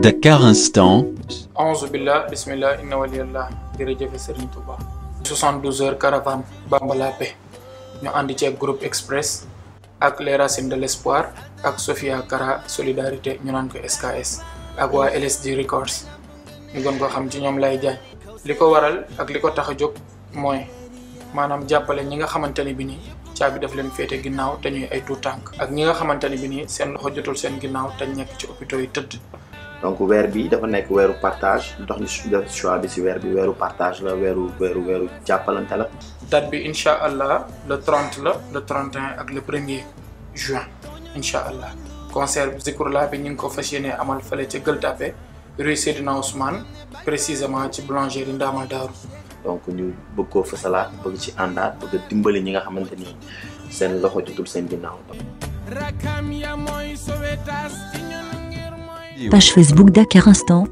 Dakar Instant. 72 heures caravane Bamba la paix ñu andi ci groupe express ak les racines de l'espoir ak Sofia Kara solidarité ñu nan ko SKS ak wa LSD records ñu gën ko xam ci ñom lay jaay liko waral ak liko taxa jog moy manam jappale ñi nga xamanteni bi ni caabi daf leen féete ginnaaw te ñuy ay tout tank ak ñi nga xamanteni bi ni seen loxo seen ginnaaw te nekk ci hôpitaux yi tëdd donc weer bi dafa nekk weeru partage dox ñu suñu bi si weer bi weeru partage la weeru weeru la. date bi incha allah le 30 la le 31 ak le 1er juin incha allah concert Zikroullah bi ñu ngi ko fas yéene amal fale ca Gueule Tapée rue Seydina Ousmane précisément ci boulangerie Ndamal Daaru. donc ñu bëgg koo fësalaat bëgg ci àndaat bëgg dimbali ñi nga xamante ni seen loxo jotul seen ginnaaw. Page Facebook Dakar Instant,